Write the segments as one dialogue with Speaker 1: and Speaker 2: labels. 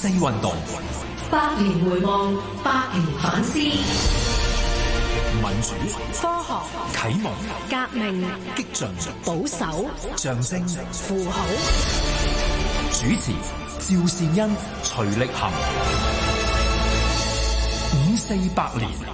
Speaker 1: 四運動，百年回望，
Speaker 2: 百年反思。
Speaker 1: 民主、
Speaker 2: 科學、啟蒙、革命、激進、保守、象徵、符號。
Speaker 1: 主持：
Speaker 2: 趙善恩、
Speaker 1: 徐力恆。五四百年。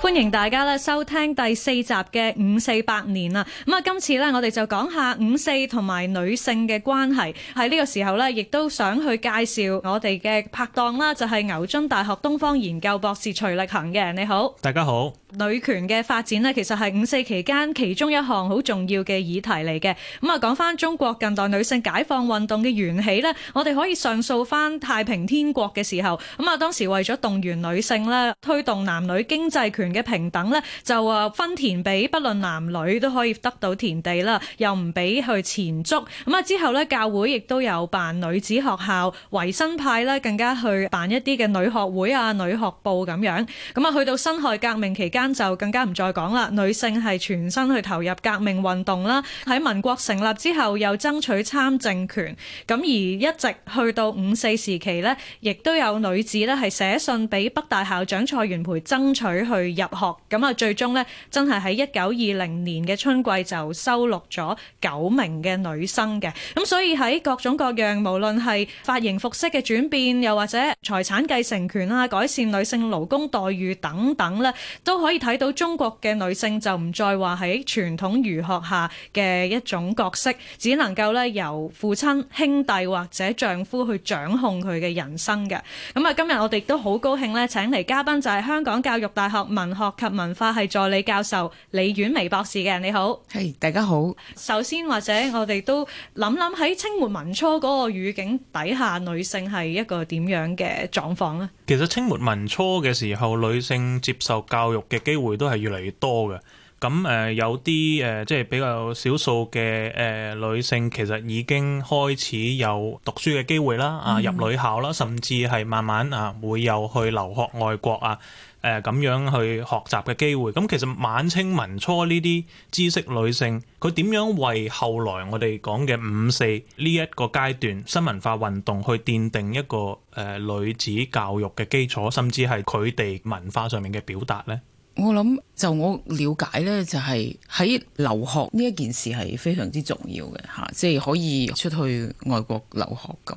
Speaker 2: 歡迎大家收聽第四集嘅五四百年啊！今次我哋就講下五四同埋女性嘅關係。喺呢個時候咧，亦都想去介紹我哋嘅拍檔啦，就係牛津大學東方研究博士徐力行嘅。你好，大家好。女權嘅發展呢，其實係五四期間其中一項好重要嘅議題嚟嘅。咁啊，講翻中國近代女性解放運動嘅緣起呢，我哋可以上溯翻太平天國嘅時候，咁啊，當時為咗動員女性咧，推動男女經濟權嘅平等呢，就分田俾不論男女都可以得到田地啦，又唔俾去纏足。咁啊，之後呢，教會亦都有辦女子學校，維新派呢更加去辦一啲嘅女學會啊、女學報咁樣。咁啊，去到辛亥革命期間。間就更加唔再講啦。女性係全身去投入革命運動啦。喺民國成立之後，又爭取參政權。咁而一直去到五四時期呢，亦都有女子呢係寫信俾北大校長蔡元培，爭取去入學。咁啊，最終呢真係喺一九二零年嘅春季就收錄咗九名嘅女生嘅。咁所以喺各種各樣，無論係髮型服飾嘅轉變，又或者財產繼承權啊，改善女性勞工待遇等等呢，都可。可以睇到，中國嘅女性就唔再話喺傳統儒學下嘅一種角色，只能夠咧由父親、兄弟或者丈夫去掌控佢嘅人生嘅。咁啊，今日我哋都好高興咧，請嚟嘉賓就係香港教育大學文學及文化系助理教授李婉薇博士嘅。你好，係大家好。首先或者我哋都諗諗喺清末民初嗰個語境底下，女性係一個點樣嘅狀況咧？
Speaker 1: 其實清末民初嘅時候，女性接受教育嘅機會都係越嚟越多嘅，咁誒有啲誒即係比較少數嘅誒女性，其實已經開始有讀書嘅機會啦，啊入女校啦，甚至係慢慢啊會有去留學外國啊，誒咁樣去學習嘅機會。咁其實晚清民初呢啲知識女性，佢點樣為後來我哋講嘅五四呢一個階段新文化運動去奠定一個誒女子教育嘅基礎，甚至係佢哋文化上面嘅表達呢？
Speaker 3: 我諗就我了解呢，就係喺留學呢一件事係非常之重要嘅吓，即係可以出去外國留學咁。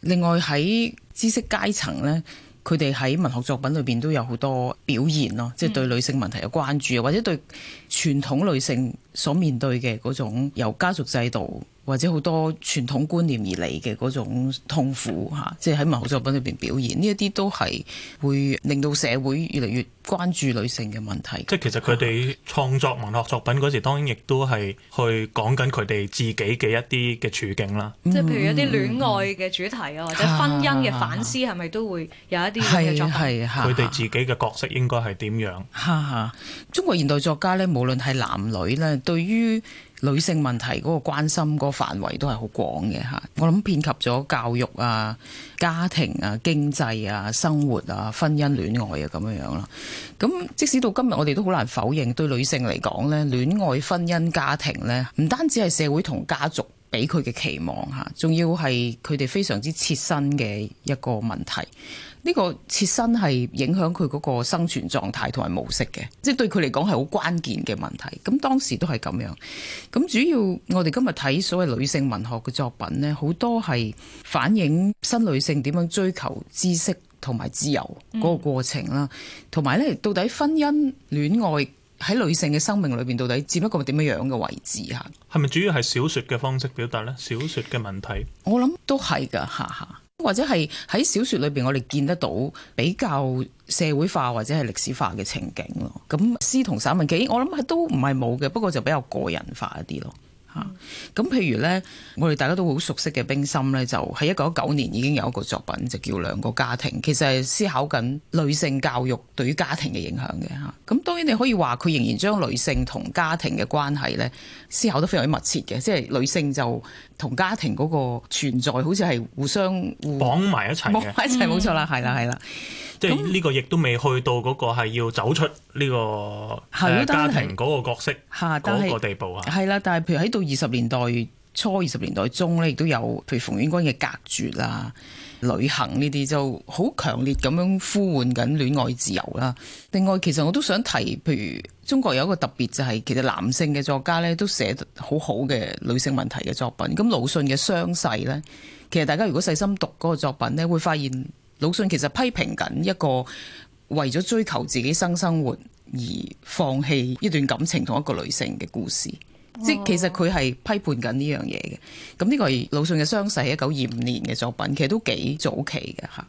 Speaker 3: 另外喺知識階層呢，佢哋喺文學作品裏邊都有好多表現咯，即係對女性問題嘅關注、嗯，或者對傳統女性所面對嘅嗰種由家族制度。或者好多傳統觀念而嚟嘅嗰種痛苦嚇，即係喺文學作品裏邊表現。呢一啲都係會令到社會越嚟越關注女性嘅問題嘅。
Speaker 1: 即係其實佢哋創作文學作品嗰時，當然亦都係去講緊佢哋自己嘅一啲嘅處境啦。
Speaker 2: 即係譬如一啲戀愛嘅主題啊，或者婚姻嘅反思，係咪都會有一啲嘅作品？佢
Speaker 3: 哋自己嘅角色應該係點樣？嚇嚇！中國現代作家咧，無論係男女咧，對於女性問題嗰個關心嗰範圍都係好廣嘅嚇，我諗遍及咗教育啊、家庭啊、經濟啊、生活啊、婚姻戀愛啊咁樣樣。咁即使到今日，我哋都好難否認對女性嚟講呢，戀愛、婚姻、家庭呢，唔單止係社會同家族俾佢嘅期望嚇，仲要係佢哋非常之切身嘅一個問題。呢個切身係影響佢嗰個生存狀態同埋模式嘅，即係對佢嚟講係好關鍵嘅問題。咁當時都係咁樣。咁主要我哋今日睇所謂女性文學嘅作品呢，好多係反映新女性點樣追求知識同埋自由嗰個過程啦。同埋呢，到底婚姻戀愛喺女性嘅生命裏邊到底佔一個點樣樣嘅位置啊？係咪主
Speaker 1: 要係小説嘅方式表達呢？小説嘅問題，
Speaker 3: 我諗都係噶，哈哈。或者係喺小說裏邊，我哋見得到比較社會化或者係歷史化嘅情景咯。咁詩同散文，我諗都唔係冇嘅，不過就比較個人化一啲咯。啊！咁譬如咧，我哋大家都好熟悉嘅冰心咧，就喺一九一九年已經有一個作品就叫《兩個家庭》，其實係思考緊女性教育對於家庭嘅影響嘅嚇。咁當然你可以話佢仍然將女性同家庭嘅關係咧思考得非常之密切嘅，即係女性就同家庭嗰個存在好似係互相互綁埋一齊，綁埋一齊冇、嗯、錯啦，係啦，係啦。
Speaker 1: 即係呢個亦都未去到嗰個係要走出呢、這個、呃、家庭嗰個角色嗰個地步啊。
Speaker 3: 係、那、啦、個，但係譬如喺到二十年代初、二十年代中咧，亦都有譬如馮沅君嘅隔絕啦、啊、旅行呢啲，就好強烈咁樣呼喚緊戀愛自由啦、啊。另外，其實我都想提，譬如中國有一個特別就係、是、其實男性嘅作家咧，都寫得很好好嘅女性問題嘅作品。咁魯迅嘅《傷逝》咧，其實大家如果細心讀嗰個作品咧，會發現。魯迅其實批評緊一個為咗追求自己新生、生活而放棄一段感情同一個女性嘅故事，
Speaker 2: 哦、即係其實
Speaker 3: 佢係批判緊呢樣嘢嘅。咁呢個係魯迅嘅《傷逝》，係一九二五年嘅作品，其實都幾早期嘅吓。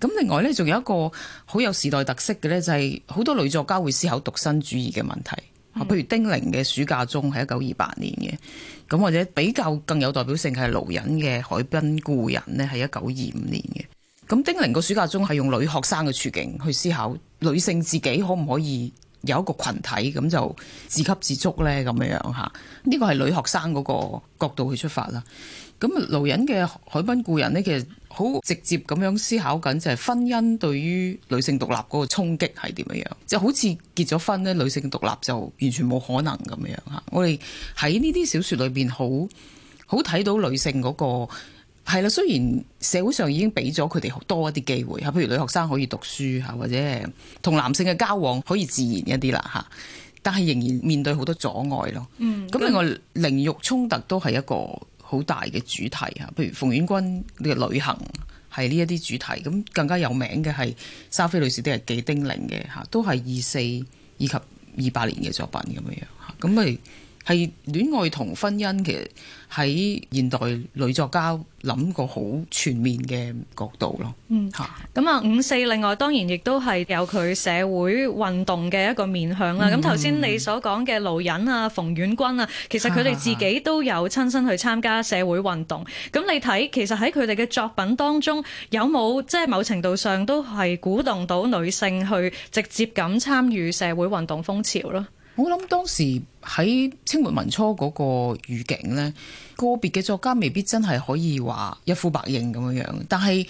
Speaker 3: 咁、嗯、另外呢，仲有一個好有時代特色嘅呢，就係好多女作家會思考獨身主義嘅問題，譬如丁玲嘅《暑假中》，係一九二八年嘅。咁或者比較更有代表性係盧隱嘅《海濱故人》，呢，係一九二五年嘅。咁丁玲個暑假中係用女學生嘅處境去思考女性自己可唔可以有一個群體咁就自給自足呢？咁樣樣吓？呢個係女學生嗰個角度去出發啦。咁盧隱嘅海濱故人呢，其實好直接咁樣思考緊就係婚姻對於女性獨立嗰個衝擊係點樣樣，就好似結咗婚呢，女性獨立就完全冇可能咁樣樣吓。我哋喺呢啲小說裏邊好好睇到女性嗰個。係啦，雖然社會上已經俾咗佢哋多一啲機會，吓，譬如女學生可以讀書，吓，或者同男性嘅交往可以自然一啲啦，吓。但係仍然面對好多阻礙咯。嗯，咁、嗯、另外，靈慾衝突都係一個好大嘅主題吓，譬如馮沅君嘅旅行係呢一啲主題，咁更加有名嘅係莎菲女士都係紀丁玲嘅吓，都係二四以及二八年嘅作品咁樣樣吓，咁咪。係戀愛同婚姻，其實喺現代女作家諗過好全面嘅角度咯。
Speaker 2: 嗯，好。咁啊，五四另外當然亦都係有佢社會運動嘅一個面向啦。咁頭先你所講嘅廬隱啊、馮沅君啊，其實佢哋自己都有親身去參加社會運動。咁你睇，其實喺佢哋嘅作品當中，有冇即係某程度上都係鼓動到女性去直接咁參與
Speaker 3: 社會運動風潮咯？我諗當時喺清末民初嗰個語境，呢個別嘅作家未必真係可以話一呼百應咁樣樣，但係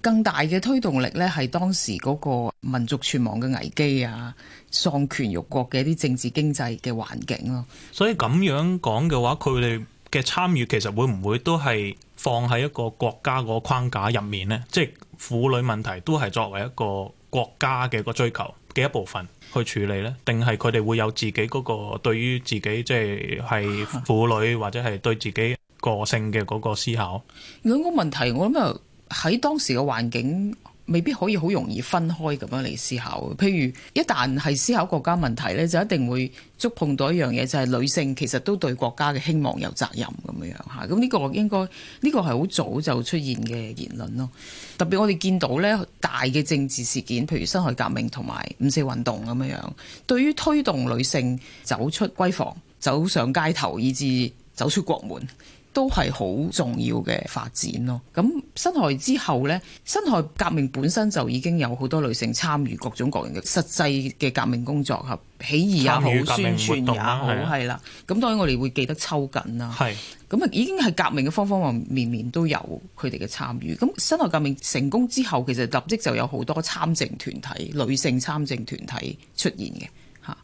Speaker 3: 更大嘅推動力呢，係當時嗰個民族存亡嘅危機啊、喪權辱國嘅一啲政治經濟嘅環境咯。
Speaker 1: 所以咁樣講嘅話，佢哋嘅參與其實會唔會都係放喺一個國家個框架入面呢？即係婦女問題都係作為一個國家嘅個追求。嘅一部分去處理呢，定係佢哋會有自己嗰個對於自己即係係婦女或者係對自己個性嘅嗰個思考？
Speaker 3: 兩個問題，我諗啊喺當時嘅環境，未必可以好容易分開咁樣嚟思考，譬如一旦係思考國家問題咧，就一定會觸碰到一樣嘢，就係、是、女性其實都對國家嘅興旺有責任咁樣樣吓，咁呢個應該呢、呢個係好早就出現嘅言論咯。特別我哋見到咧大嘅政治事件，譬如辛亥革命同埋五四運動咁樣樣，對於推動女性走出閨房、走上街頭，以至走出國門。都係好重要嘅發展咯。咁辛亥之後呢，辛亥革命本身就已經有好多女性參與各種各樣嘅實際嘅革命工作，吓，起義也好，宣傳也好，係啦。咁當然我哋會記得秋瑾啦。係。咁啊，已經係革命嘅方方面面都有佢哋嘅參與。咁辛亥革命成功之後，其實立即就有好多參政團體、女性參政團體出現嘅吓。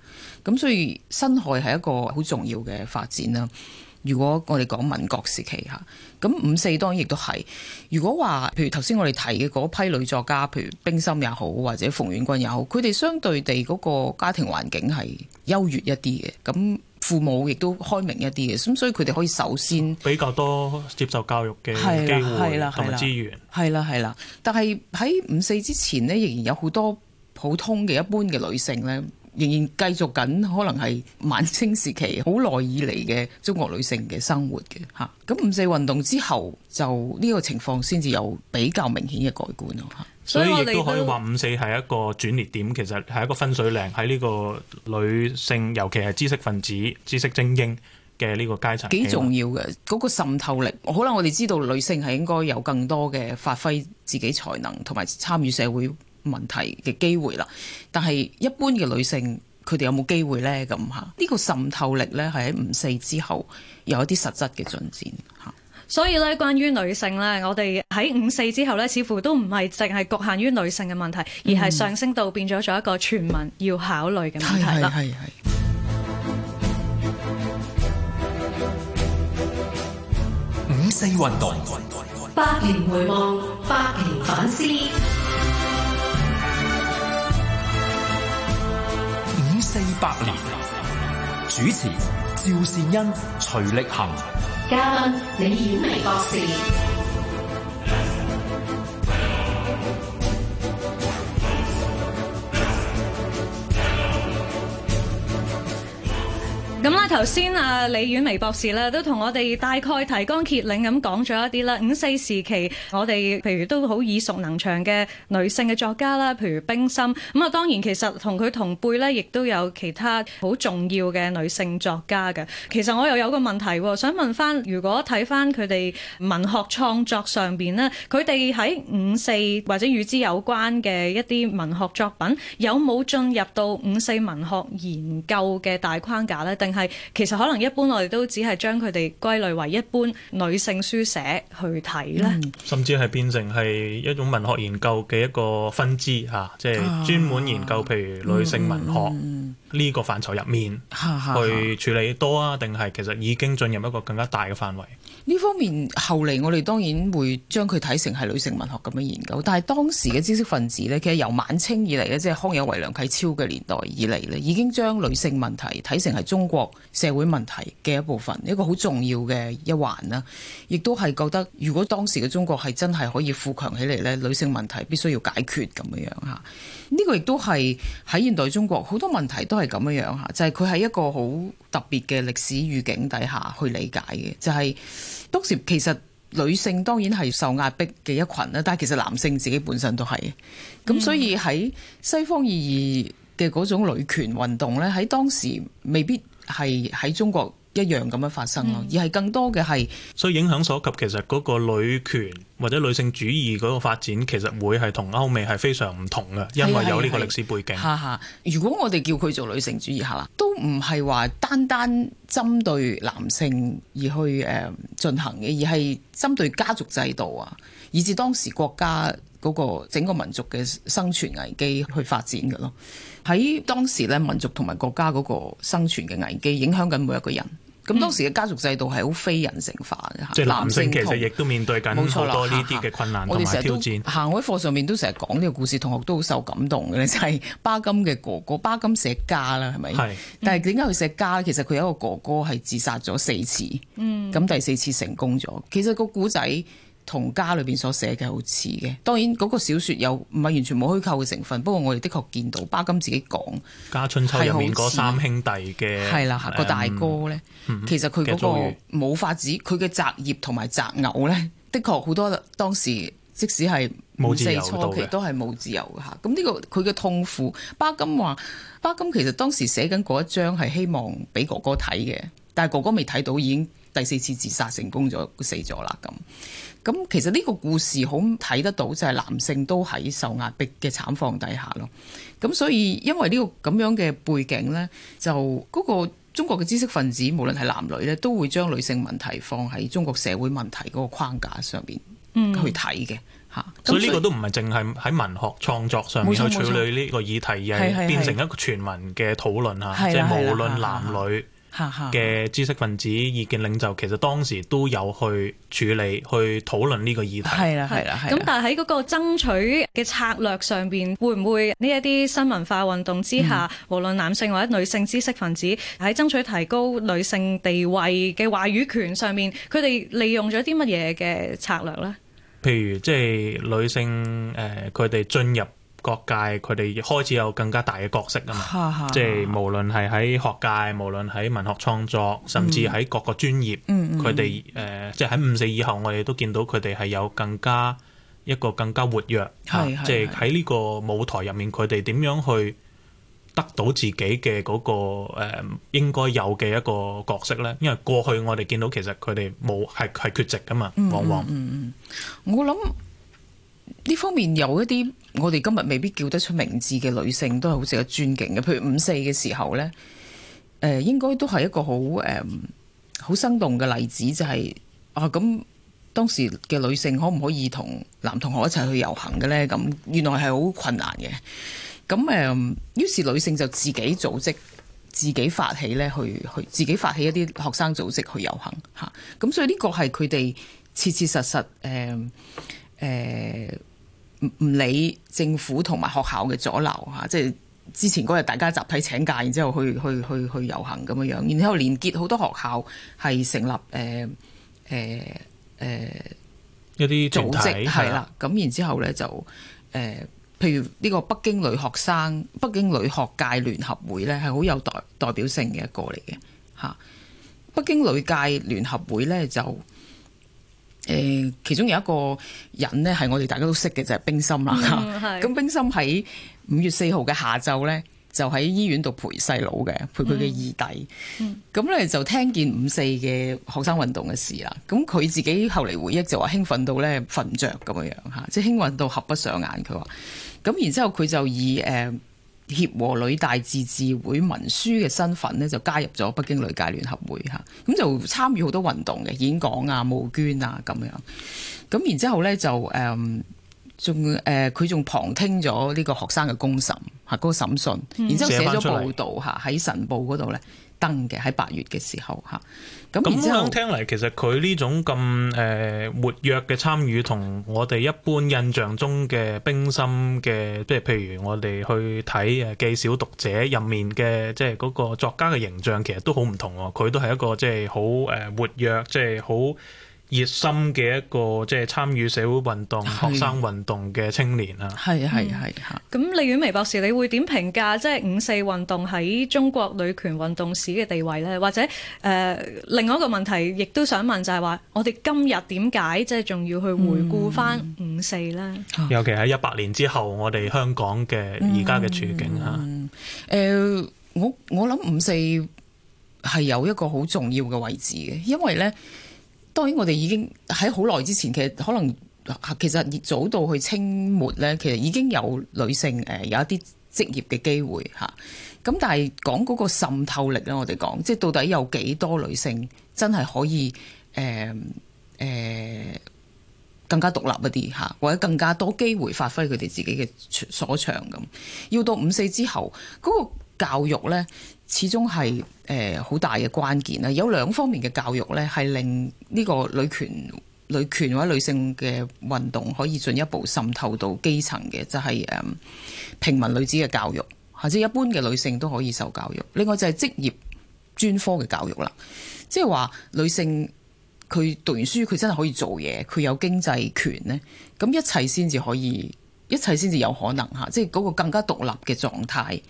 Speaker 3: 咁所以辛亥係一個好重要嘅發展啦。如果我哋講民國時期吓，咁五四當然亦都係。如果話，譬如頭先我哋提嘅嗰批女作家，譬如冰心也好，或者馮沅君也好，佢哋相對地嗰個家庭環境係優越一啲嘅，咁父母亦都開明一啲嘅，咁所以佢哋可以首先
Speaker 1: 比較多接受教育嘅機會同埋資源。
Speaker 3: 係啦，係啦。但係喺五四之前呢，仍然有好多普通嘅一般嘅女性呢，仍然繼續緊，可能係晚清時期好耐以嚟嘅中國女性嘅生活嘅嚇。咁五四運動之後，就呢個情況先至有比較明顯嘅改觀咯嚇。所以亦都也可以話
Speaker 1: 五四係一個轉捩點，其實係一個分水嶺喺呢個女性，尤其係知識分子、知識精英嘅呢個階層。幾重
Speaker 3: 要嘅嗰、那個滲透力。可能我哋知道女性係應該有更多嘅發揮自己才能同埋參與社會問題嘅機會啦，但係一般嘅女性，佢哋有冇機會呢？咁吓呢個滲透力呢，係喺五四之後有一啲實質嘅進展吓。
Speaker 2: 所以呢，關於女性呢，我哋喺五四之後呢，似乎都唔係淨係局限於女性嘅問題，而係上升到變咗做一個全民要考慮嘅問題。係
Speaker 3: 係、嗯、五四運動，
Speaker 2: 百年回望，百
Speaker 1: 年反思。四百年，主持
Speaker 2: 趙善恩、
Speaker 1: 徐力恆，
Speaker 2: 嘉賓李婉薇博士。咁啦，頭先啊李婉薇博士咧都同我哋大概提綱挈領咁講咗一啲啦。五四時期，我哋譬如都好耳熟能詳嘅女性嘅作家啦，譬如冰心。咁啊，當然其實同佢同輩咧，亦都有其他好重要嘅女性作家嘅。其實我又有個問題，想問翻，如果睇翻佢哋文學創作上邊咧，佢哋喺五四或者與之有關嘅一啲文學作品，有冇進入到五四文學研究嘅大框架咧？定？係，其實可能一般我哋都只係將佢哋歸類為一般女性書寫去睇咧，嗯，
Speaker 1: 甚至係變成係一種文學研究嘅一個分支吓，即係專門研究譬如女性文學。啊嗯嗯呢個範疇入面，去處理多啊？定係其實已經進入一個更加大嘅範圍。
Speaker 3: 呢方面後嚟，我哋當然會將佢睇成係女性文學咁樣的研究。但係當時嘅知識分子呢，其實由晚清以嚟呢，即係康有為、梁啟超嘅年代以嚟呢，已經將女性問題睇成係中國社會問題嘅一部分，一個好重要嘅一環啦。亦都係覺得，如果當時嘅中國係真係可以富強起嚟呢，女性問題必須要解決咁樣樣嚇。呢、這個亦都係喺現代中國好多問題都係咁樣樣吓，就係佢喺一個好特別嘅歷史語境底下去理解嘅，就係、是、當時其實女性當然係受壓迫嘅一群啦，但係其實男性自己本身都係，咁所以喺西方意義嘅嗰種女權運動咧，喺當時未必係喺中國。一樣咁樣發生咯，而係更多嘅係、嗯，
Speaker 1: 所以影響所及，其實嗰個女權或者女性主義嗰個發
Speaker 3: 展，其實會係
Speaker 1: 同歐美係非常唔同嘅，因為有呢個歷史背景。哈
Speaker 3: 哈，如果我哋叫佢做女性主義，下啦，都唔係話單單針對男性而去誒、嗯、進行嘅，而係針對家族制度啊，以至當時國家嗰個整個民族嘅生存危機去發展嘅咯。喺當時咧，民族同埋國家嗰個生存嘅危機，影響緊每一個人。咁、嗯、當時嘅家族制度係好非人性化嘅嚇、嗯，男性其實亦
Speaker 1: 都面對緊好多呢啲嘅困難同埋挑戰。
Speaker 3: 行，行，我喺課上面都成日講呢個故事，同學都好受感動嘅咧，就係、是、巴金嘅哥哥巴金寫家啦，係咪？係。但係點解佢寫家咧、嗯？其實佢有一個哥哥係自殺咗四次，嗯，咁第四次成功咗。其實個古仔，同家裏邊所寫嘅好似嘅，當然嗰個小説又唔係完全冇虛構嘅成分，不過我哋的確見到巴金自己講《
Speaker 1: 家春秋》入面三兄弟嘅，係啦，個大哥呢。嗯，
Speaker 3: 其實佢嗰個冇法子，佢嘅擲業同埋擇偶呢，的確好多當時即使係五四初期都係冇自由嘅嚇。咁呢個佢嘅痛苦，巴金話巴金其實當時寫緊嗰一章係希望俾哥哥睇嘅，但係哥哥未睇到已經。第四次自殺成功咗，死咗啦咁。咁其實呢個故事好睇得到，就係男性都喺受壓迫嘅慘況底下咯。咁所以因為呢個咁樣嘅背景呢，就嗰個中國嘅知識分子，無論係男女呢，都會將女性問題放喺中國社會問題嗰個框架上面去睇嘅嚇。所以呢個
Speaker 1: 都唔係淨係喺文學創作上面去處理呢個議題，而係變成一個全民嘅討論嚇，即係無論男女。嘅知識分子、意見領袖其實當時都有去處理、去討論呢個議題，係
Speaker 2: 啦，係啦，係咁。但係喺嗰個爭取嘅策略上邊，會唔會呢一啲新文化運動之下、嗯，無論男性或者女性知識分子喺爭取提高女性地位嘅話語權上面，佢哋利用咗啲乜嘢嘅策略呢？
Speaker 1: 譬如即係女性誒，呃，佢哋進入。各界佢哋開始有更加大嘅角色㗎嘛， 即係無論係喺學界，無論喺文學創作，甚至喺各個專業，佢哋誒，即係喺五四以後，我哋都見到佢哋係有更加一個更加活躍。 即係喺呢個舞台入面，佢哋點樣去得到自己嘅嗰個誒應該有嘅一個角色呢？因為過去我哋見到其實佢哋冇係係缺席噶嘛，往往
Speaker 3: 我諗呢方面有一啲。我哋今日未必叫得出名字嘅女性，都係好值得尊敬嘅。譬如五四嘅時候呢，誒，應該都係一個好誒，好生動嘅例子，就係、是、啊，咁當時嘅女性可唔可以同男同學一齊去遊行嘅呢？咁原來係好困難嘅。咁誒，於是女性就自己組織、自己發起呢，去去自己發起一啲學生組織去遊行吓。咁所以呢個係佢哋切切實實誒誒。呃呃唔理政府同埋學校嘅阻撓嚇，即係之前嗰日大家集體請假，然之後去去去去遊行咁樣樣，然之後連結好多學校係成立誒誒誒一啲組織係啦。咁然之後呢，就、呃、誒，譬如呢個北京女學生北京女學界聯合會呢係好有代代表性嘅一個嚟嘅嚇，北京女界聯合會呢就。誒，其中有一個人咧，係我哋大家都識嘅就係、是、冰心啦嚇。咁、嗯、冰心喺五月四號嘅下晝咧，就喺醫院度陪細佬嘅，陪佢嘅二弟。咁、嗯、咧就聽見五四嘅學生運動嘅事啦。咁佢自己後嚟回憶就話興奮到咧瞓唔著咁樣樣嚇，即、就、係、是、興奮到合不上眼佢話。咁然之後佢就以誒。呃協和女大自治會文書嘅身份咧，就加入咗北京女界聯合會嚇，咁就參與好多運動嘅演講啊、募捐啊咁樣，咁然之後咧就誒仲誒佢仲旁聽咗呢個學生嘅公審嚇，嗰、那個審訊，然之後寫咗報道嚇喺晨報嗰度咧。嗯登嘅喺八月嘅時候嚇，咁然之後聽嚟
Speaker 1: 其實佢呢種咁誒活躍嘅參與，同我哋一般印象中嘅冰心嘅，即係譬如我哋去睇誒《記小讀者》入面嘅，即係嗰個作家嘅形象，其實都好唔同喎。佢都係一個即係好誒活躍，即係好、熱心嘅一個即係、就是、參與社會運動、嗯、學生運動嘅青年係啊係啊係嚇。
Speaker 2: 咁、嗯、李婉薇博士，你會點評價即係、就是、五四運動喺中國女權運動史嘅地位呢？或者誒、呃，另外一個問題，亦都想問就係話，我哋今日點解即係仲要去回顧返五四呢？嗯嗯
Speaker 1: 啊、尤其喺一百年之後，我哋香港嘅而家嘅處境嚇、啊。誒、嗯嗯
Speaker 3: 呃，我我諗五四係有一個好重要嘅位置嘅，因為呢。當然，我哋已經喺好耐之前，其實可能其實早到去清末呢，其實已經有女性誒有一啲職業嘅機會。咁但係講嗰個滲透力呢，我哋講即係到底有幾多女性真係可以誒、呃呃、更加獨立一啲，或者更加多機會發揮佢哋自己嘅所長咁。要到五四之後，嗰個教育呢。始終係誒好大嘅關鍵啦。有兩方面嘅教育呢，係令呢個女權、女權或者女性嘅運動可以進一步滲透到基層嘅，就係、係、誒平民女子嘅教育，或者一般嘅女性都可以受教育。另外就係職業專科嘅教育啦，即係話女性佢讀完書，佢真係可以做嘢，佢有經濟權咧，咁一切先至可以，一切先至有可能嚇，即係嗰個更加獨立嘅狀態誒。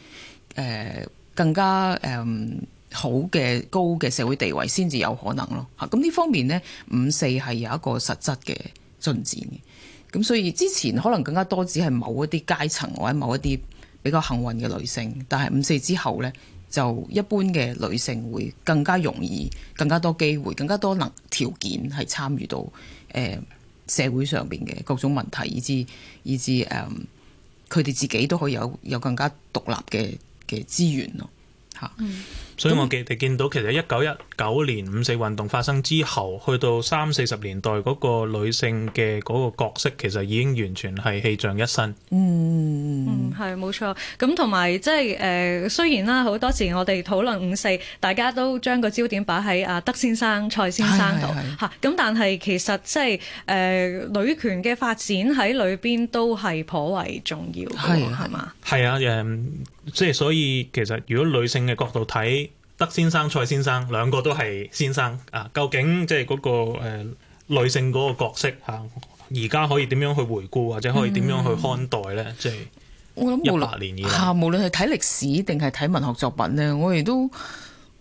Speaker 3: 呃更加誒、嗯、好嘅高嘅社會地位先至有可能咯吓，咁、嗯、呢方面咧，五四係有一個實質嘅進展嘅，咁、嗯、所以之前可能更加多只係某一啲階層或者某一啲比較幸運嘅女性，但係五四之後咧，就一般嘅女性會更加容易、更加多機會更加多能條件係參與到誒、呃、社會上邊嘅各種問題，以至以至誒佢哋自己都可以有有更加獨立嘅。嘅資源咯，嚇。所以我
Speaker 1: 哋見到其實一九一九年五四運動發生之後，去到三四十年代嗰個女性嘅嗰個角色，其實已經完全係氣象一新。嗯，
Speaker 2: 嗯，係冇錯。咁同埋即係誒、呃，雖然啦，好多時我哋討論五四，大家都將個焦點擺喺阿德先生、蔡先生度嚇。咁但係其實即係誒，女權嘅發展喺裏邊都係頗為重要嘅，
Speaker 1: 係嘛？係啊，誒，即係所以其實如果女性嘅角度睇。德先生、蔡先生兩個都係先生啊！究竟即係嗰個、呃、女性嗰個角色嚇，而、啊、家可以點樣去回顧或者可以點樣去看待呢？即、嗯、係、就是、
Speaker 3: 我諗，無論嚇，無論係睇歷史定係睇文學作品呢，我哋都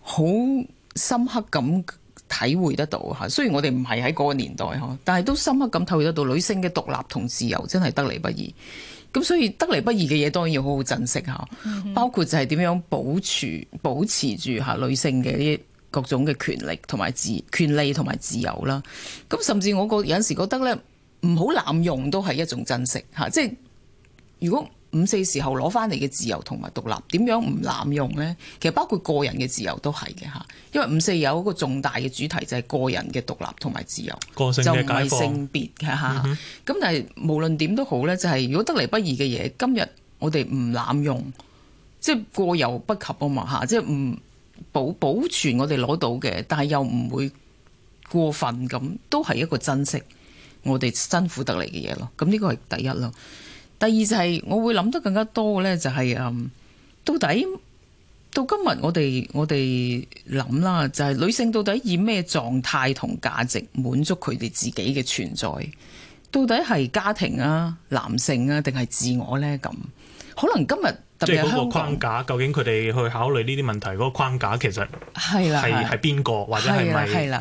Speaker 3: 好深刻咁體會得到嚇。雖然我哋唔係喺嗰個年代嚇，但係都深刻咁體會得到女性嘅獨立同自由真係得嚟不易。咁所以得嚟不易嘅嘢，當然要好好珍惜吓，包括就係點樣保持保持住吓女性嘅呢各種嘅權力同埋自權利同埋自由啦。咁甚至我覺有陣時覺得咧，唔好濫用都係一種珍惜吓，即係如果。五四時候攞翻嚟嘅自由同埋獨立，點樣唔濫用呢？其實包括個人嘅自由都係嘅嚇，因為五四有一個重大嘅主題就係個人嘅獨立同埋自由，個性的就唔係性別嘅咁、嗯、但係無論點都好呢就係、係、如果得嚟不易嘅嘢，今日我哋唔濫用，即係過猶不及啊嘛嚇，即係唔保保存我哋攞到嘅，但係又唔會過分咁，都係一個珍惜我哋辛苦得嚟嘅嘢咯。咁呢個係第一咯。第二就係、是、我會諗得更加多嘅咧，就係誒，到底到今日我哋我哋諗啦，就係女性到底以咩狀態同價值滿足佢哋自己嘅存在？到底係家庭啊、男性啊，定係自我咧？咁可能今日特別係香港，框
Speaker 1: 架，究竟佢哋去考慮呢啲問題嗰、那個框架，其實係係係邊個或者係咪？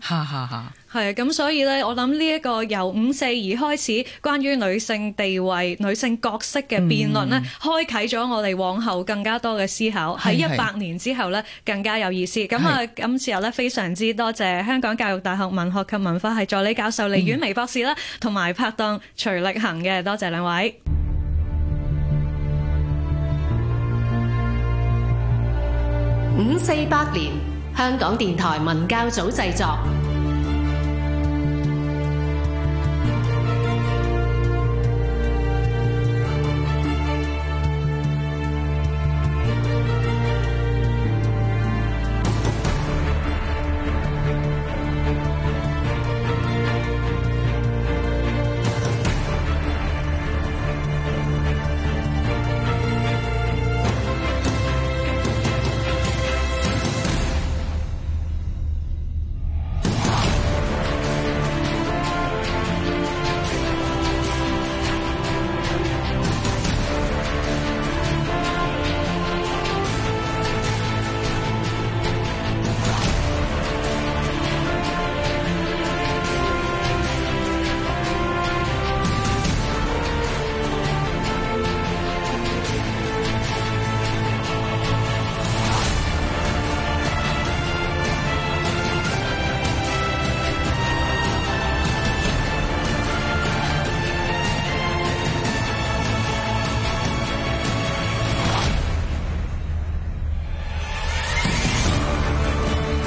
Speaker 3: 哈哈哈！
Speaker 2: 係啊，咁所以呢，我諗呢一個由五四而開始關於女性地位、女性角色嘅辯論呢、嗯、開啟咗我哋往後更加多嘅思考。喺一百年之後呢，更加有意思。咁啊，今次又呢，非常之多謝香港教育大學文學及文化係助理教授李婉薇博士啦，同、嗯、埋拍檔徐力行嘅，多謝兩位。五四百年。香港電台文教組製作。